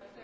like that.